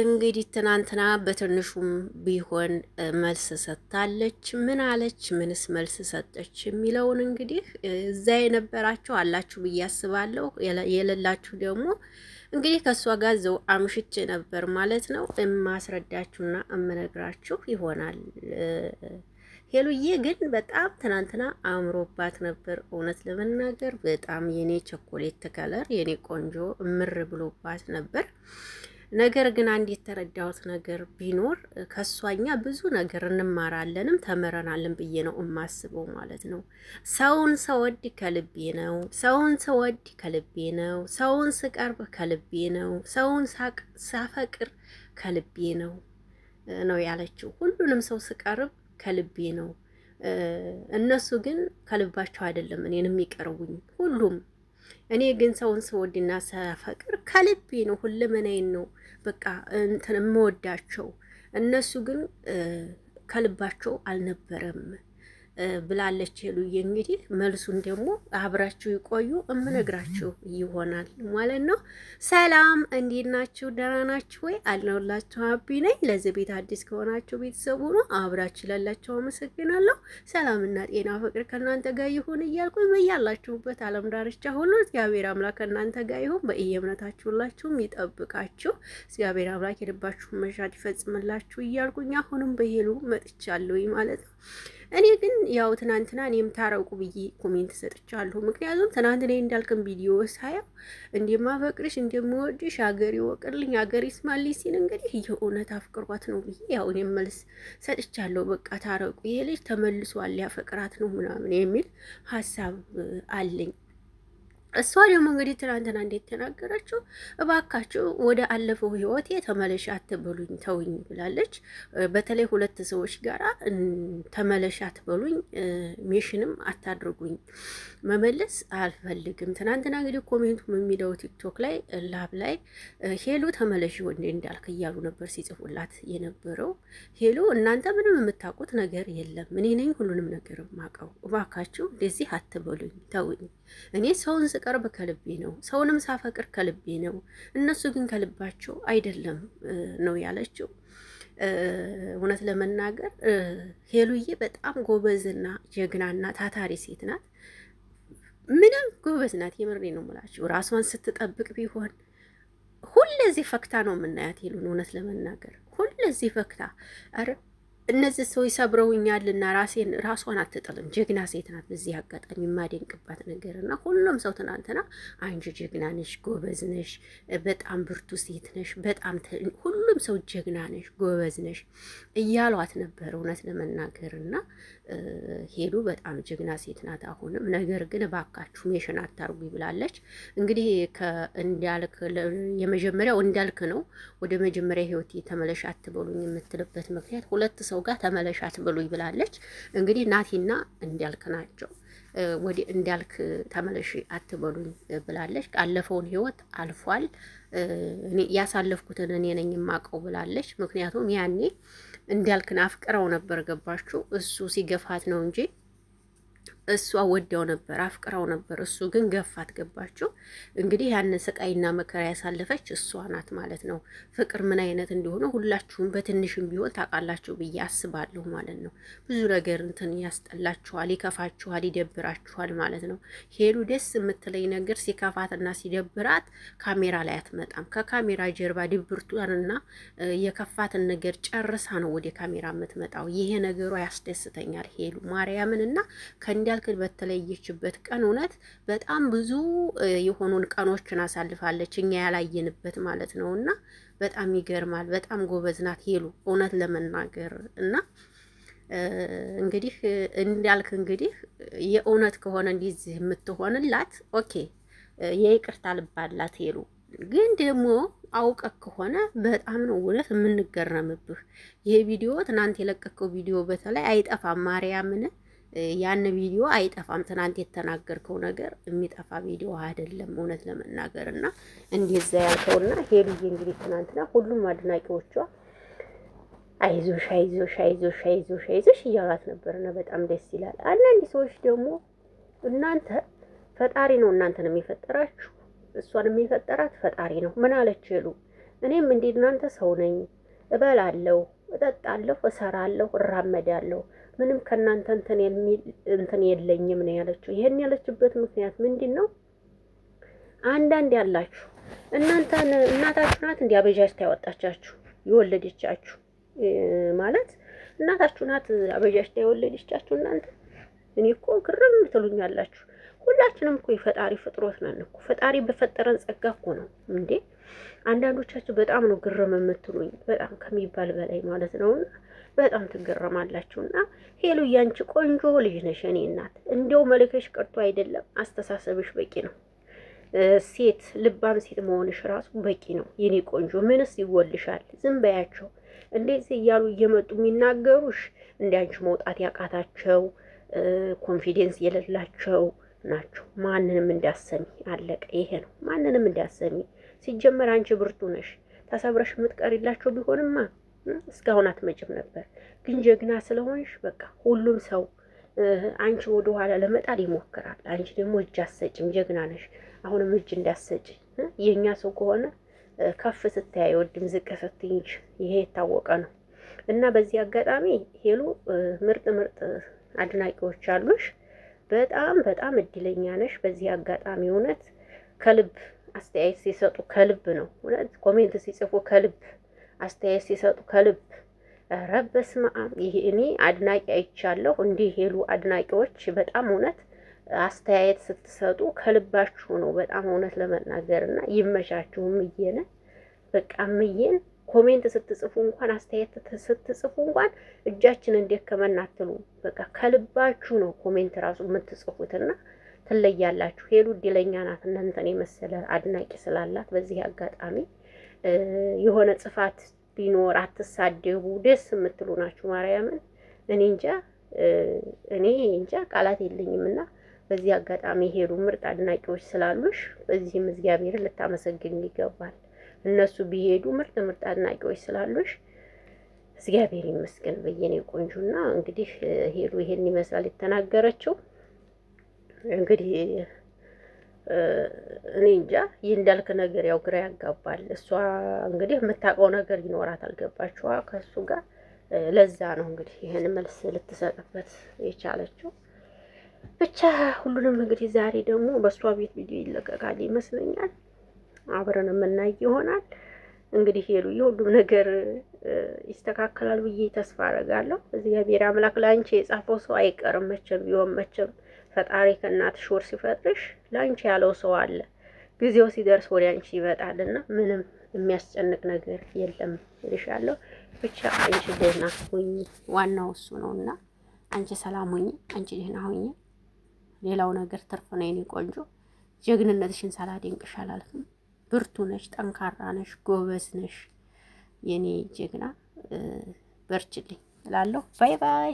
እንግዲህ ትናንትና በትንሹም ቢሆን መልስ ሰጥታለች። ምን አለች? ምንስ መልስ ሰጠች? የሚለውን እንግዲህ እዛ የነበራችሁ አላችሁ ብዬ አስባለሁ። የሌላችሁ ደግሞ እንግዲህ ከእሷ ጋር ዘው አምሽቼ ነበር ማለት ነው። የማስረዳችሁና የምነግራችሁ ይሆናል። ሄሉዬ ግን በጣም ትናንትና አምሮባት ነበር። እውነት ለመናገር በጣም የኔ ቸኮሌት ከለር የኔ ቆንጆ ምር ብሎባት ነበር። ነገር ግን አንድ የተረዳሁት ነገር ቢኖር ከእሷኛ ብዙ ነገር እንማራለንም ተምረናለን ብዬ ነው የማስበው ማለት ነው። ሰውን ስወድ ከልቤ ነው። ሰውን ስወድ ከልቤ ነው። ሰውን ስቀርብ ከልቤ ነው። ሰውን ሳፈቅር ከልቤ ነው ነው ያለችው። ሁሉንም ሰው ስቀርብ ከልቤ ነው። እነሱ ግን ከልባቸው አይደለም እኔን የሚቀርቡኝ ሁሉም እኔ ግን ሰውን ስወድና ስፈቅር ከልቤ ነው፣ ሁለመናዬን ነው በቃ እንትን የምወዳቸው። እነሱ ግን ከልባቸው አልነበረም። ብላለች ሄሉዬ። እንግዲህ መልሱን ደግሞ አብራችሁ ይቆዩ እምነግራችሁ ይሆናል ማለት ነው። ሰላም እንዴት ናችሁ? ደህና ናችሁ ወይ? አለሁላችሁ። ሀቢ ነኝ። ለዚህ ቤት አዲስ ከሆናችሁ ቤተሰብ ሆኖ አብራችሁ ላላችሁ አመሰግናለሁ። ሰላምና ጤና ፍቅር ከእናንተ ጋር ይሁን እያልኩ በያላችሁበት ዓለም ዳርቻ ሁሉ እግዚአብሔር አምላክ ከእናንተ ጋር ይሁን። በእየእምነታችሁ ሁላችሁም ይጠብቃችሁ። እግዚአብሔር አምላክ የልባችሁን መሻት ይፈጽምላችሁ እያልኩኝ አሁንም በሄሉ መጥቻለሁ ማለት ነው። እኔ ግን ያው ትናንትና እኔም ታረቁ ብዬ ኮሜንት ሰጥቻለሁ። ምክንያቱም ትናንት ላይ እንዳልክም ቪዲዮ ሳያው እንደማፈቅርሽ እንደምወድሽ ሀገር ይወቅልኝ ሀገር ይስማልኝ ሲል እንግዲህ የእውነት አፍቅሯት ነው ብዬ ያው እኔም መልስ ሰጥቻለሁ። በቃ ታረቁ፣ ይሄ ልጅ ተመልሷል፣ ያፈቅራት ነው ምናምን የሚል ሀሳብ አለኝ። እሷ ደግሞ እንግዲህ ትናንትና እንዴት ተናገረችው? እባካችሁ ወደ አለፈው ህይወቴ ተመለሽ አትበሉኝ ተውኝ ብላለች። በተለይ ሁለት ሰዎች ጋራ ተመለሽ አትበሉኝ፣ ሚሽንም አታድርጉኝ፣ መመለስ አልፈልግም። ትናንትና እንግዲህ ኮሜንቱ የሚለው ቲክቶክ ላይ ላብ ላይ ሄሉ ተመለሽ ወንዴ እንዳልክ እያሉ ነበር ሲጽፉላት የነበረው። ሄሉ እናንተ ምንም የምታውቁት ነገር የለም፣ እኔ ነኝ ሁሉንም ነገር ማቀው። እባካችሁ እንደዚህ አትበሉኝ ተውኝ፣ እኔ ሰውን ሳቀርብ ከልቤ ነው፣ ሰውንም ሳፈቅር ከልቤ ነው፣ እነሱ ግን ከልባቸው አይደለም ነው ያለችው። እውነት ለመናገር ሄሉዬ በጣም ጎበዝና ጀግናና ታታሪ ሴት ናት። ምንም ጎበዝ ናት። የምሬ ነው የምላችሁ። ራሷን ስትጠብቅ ቢሆን ሁለዚህ ፈክታ ነው የምናያት ሄሉን። እውነት ለመናገር ሁለዚህ ፈክታ እነዚህ ሰዎች ሰብረውኛልና ራሴን ራሷን አትጥልም። ጀግና ሴት ናት። በዚህ አጋጣሚ የማደንቅባት ነገር እና ሁሉም ሰው ትናንትና አንቺ ጀግና ነሽ፣ ጎበዝ ነሽ፣ በጣም ብርቱ ሴት ነሽ፣ በጣም ሁሉም ሰው ጀግና ነሽ፣ ጎበዝ ነሽ እያሏት ነበር እውነት ለመናገር እና ሄሉ በጣም ጀግና ሴት ናት። አሁንም ነገር ግን እባካችሁ ሜሽን አታርጉ ብላለች። እንግዲህ እንዳልክ የመጀመሪያው እንዳልክ ነው። ወደ መጀመሪያ ህይወት ተመለሽ አትበሉኝ የምትልበት ምክንያት ሁለት ሰው ጋር ተመለሽ አትበሉኝ ብላለች። እንግዲህ ናቲና እንዳልክ ናቸው። ወደ እንዳልክ ተመለሽ አትበሉኝ ብላለች። ካለፈውን ህይወት አልፏል። ያሳለፍኩትን እኔ ነኝ የማውቀው ብላለች። ምክንያቱም ያኔ እንዳልክን አፍቅረው ነበር ገባችሁ። እሱ ሲገፋት ነው እንጂ እሷ ወዳው ነበር አፍቅራው ነበር፣ እሱ ግን ገፋት። ገባችሁ እንግዲህ ያንን ስቃይና መከራ ያሳለፈች እሷ ናት ማለት ነው። ፍቅር ምን አይነት እንደሆነ ሁላችሁም በትንሽም ቢሆን ታውቃላችሁ ብዬ አስባለሁ ማለት ነው። ብዙ ነገር እንትን ያስጠላችኋል፣ ይከፋችኋል፣ ይደብራችኋል ማለት ነው። ሄሉ ደስ የምትለኝ ነገር ሲከፋትና ሲደብራት ካሜራ ላይ አትመጣም። ከካሜራ ጀርባ ድብርቷንና የከፋትን ነገር ጨርሳ ነው ወደ ካሜራ የምትመጣው። ይሄ ነገሯ ያስደስተኛል ሄሉ ማርያምን እና ያክል በተለየችበት ቀን እውነት በጣም ብዙ የሆኑን ቀኖችን አሳልፋለች እኛ ያላየንበት ማለት ነው። እና በጣም ይገርማል። በጣም ጎበዝ ናት ሄሉ እውነት ለመናገር እና እንግዲህ እንዳልክ እንግዲህ የእውነት ከሆነ እንዲዚህ የምትሆንላት ኦኬ፣ የይቅርታ ልባላት ሄሉ ግን ደግሞ አውቀ ከሆነ በጣም ነው እውነት የምንገረምብህ። ይሄ ቪዲዮ ትናንት የለቀቀው ቪዲዮ በተለይ አይጠፋም ማርያምን ያን ቪዲዮ አይጠፋም። ትናንት የተናገርከው ነገር የሚጠፋ ቪዲዮ አይደለም፣ እውነት ለመናገር እና እንደዛ ያልከውና ሄዱዬ እንግዲህ ትናንትና ሁሉም አድናቂዎቿ አይዞሽ አይዞሽ አይዞሽ አይዞሽ አይዞሽ እያሏት ነበርና በጣም ደስ ይላል። አንዳንድ ሰዎች ደግሞ እናንተ ፈጣሪ ነው እናንተን የሚፈጠራችሁ እሷን የሚፈጠራት ፈጣሪ ነው። ምን አለች ሉ እኔም እንደ እናንተ ሰው ነኝ፣ እበላለሁ፣ እጠጣለሁ፣ እሰራለሁ፣ እራመዳለሁ ምንም ከእናንተ እንትን የሚል እንትን የለኝም ነው ያለችው። ይሄን ያለችበት ምክንያት ምንድን ነው? አንዳንድ ያላችሁ እናንተ እናታችሁ ናት እንዲህ አበጃጅታ ያወጣቻችሁ የወለደቻችሁ ማለት እናታችሁ ናት አበጃጅታ የወለደቻችሁ እናንተ። እኔ እኮ ግርም ትሉኛላችሁ። ሁላችንም እኮ የፈጣሪ ፍጥሮት ነን እኮ። ፈጣሪ በፈጠረን ጸጋ እኮ ነው እንዴ አንዳንዶቻችሁ በጣም ነው ግርም የምትሉኝ፣ በጣም ከሚባል በላይ ማለት ነውና በጣም ትገረማላችሁ። እና ሄሉ ያንቺ ቆንጆ ልጅ ነሽ የኔ እናት። እንደው መልክሽ ቀርቶ አይደለም አስተሳሰብሽ በቂ ነው። ሴት ልባም ሴት መሆንሽ ራሱ በቂ ነው የኔ ቆንጆ። ምንስ ይወልሻል? ዝም በያቸው። እንደዚህ እያሉ እየመጡ የሚናገሩሽ እንዲያንቺ መውጣት ያቃታቸው ኮንፊደንስ የሌላቸው ናቸው። ማንንም እንዳሰሚ አለቀ። ይሄ ነው ማንንም እንዳሰሚ ሲጀመር አንቺ ብርቱ ነሽ። ተሰብረሽ የምትቀሪላቸው ቢሆንማ እስካሁን አትመጭም ነበር። ግን ጀግና ስለሆንሽ በቃ ሁሉም ሰው አንቺ ወደ ኋላ ለመጣል ይሞክራል። አንቺ ደግሞ እጅ አሰጭም፣ ጀግና ነሽ። አሁንም እጅ እንዳሰጭ የእኛ ሰው ከሆነ ከፍ ስታይ አይወድም፣ ዝቅ ስትይ እንጂ ይሄ የታወቀ ነው። እና በዚህ አጋጣሚ ሄሉ ምርጥ ምርጥ አድናቂዎች አሉሽ። በጣም በጣም እድለኛ ነሽ። በዚህ አጋጣሚ እውነት ከልብ አስተያየት ሲሰጡ ከልብ ነው። እውነት ኮሜንት ሲጽፉ ከልብ አስተያየት ሲሰጡ ከልብ ኧረ በስመ ይሄ እኔ አድናቂ አይቻለሁ። እንዲህ ሄሉ አድናቂዎች በጣም እውነት አስተያየት ስትሰጡ ከልባችሁ ነው። በጣም እውነት ለመናገር እና ይመቻችሁ። ምዬነ በቃ ምዬን ኮሜንት ስትጽፉ እንኳን አስተያየት ስትጽፉ እንኳን እጃችን እንዴት በቃ ከልባችሁ ነው ኮሜንት ራሱ የምትጽፉትና ትለያላችሁ። ሄሉ እድለኛ ናት እናንተን የመሰለ አድናቂ ስላላት። በዚህ አጋጣሚ የሆነ ጽፋት ቢኖር አትሳደቡ፣ ደስ የምትሉ ናችሁ። ማርያምን እኔ እንጃ እኔ እንጃ ቃላት የለኝም እና በዚህ አጋጣሚ ሄሉ ምርጥ አድናቂዎች ስላሉሽ በዚህም እግዚአብሔርን ልታመሰግን ይገባል። እነሱ ቢሄዱ ምርጥ ምርጥ አድናቂዎች ስላሉሽ እግዚአብሔር ይመስገን። በየኔ ቆንጆና እንግዲህ ሄሉ ይሄን ይመስላል የተናገረችው። እንግዲህ እኔ እንጃ ይህ እንዳልክ ነገር ያው ግራ ያጋባል። እሷ እንግዲህ የምታውቀው ነገር ይኖራት አልገባችዋ ከእሱ ጋር ለዛ ነው እንግዲህ ይህን መልስ ልትሰጥበት የቻለችው። ብቻ ሁሉንም እንግዲህ ዛሬ ደግሞ በእሷ ቤት ቪዲዮ ይለቀቃል ይመስለኛል። አብረን የምናይ ይሆናል። እንግዲህ ሄሉ ሁሉም ነገር ይስተካከላል ብዬ ተስፋ አደርጋለሁ። እግዚአብሔር አምላክ ለአንቺ የጻፈው ሰው አይቀርም መቼም ቢሆን መቼም ፈጣሪ ከእናት ወር ሲፈጥርሽ ለአንቺ ያለው ሰው አለ። ጊዜው ሲደርስ ወደ አንቺ እና ምንም የሚያስጨንቅ ነገር የለም ይልሻለሁ። ብቻ አንቺ ደህና ሁኚ፣ ዋናው እሱ ነውና አንቺ ሰላም ሁኚ፣ አንቺ ደህና ሁኚ። ሌላው ነገር ትርፍ ነው የኔ ቆንጆ። ጀግንነትሽን ሳላደንቅሽ አላልፍም። ብርቱ ነሽ፣ ጠንካራ ነሽ፣ ጎበዝ ነሽ የኔ ጀግና። በርችልኝ እላለሁ። ባይ ባይ።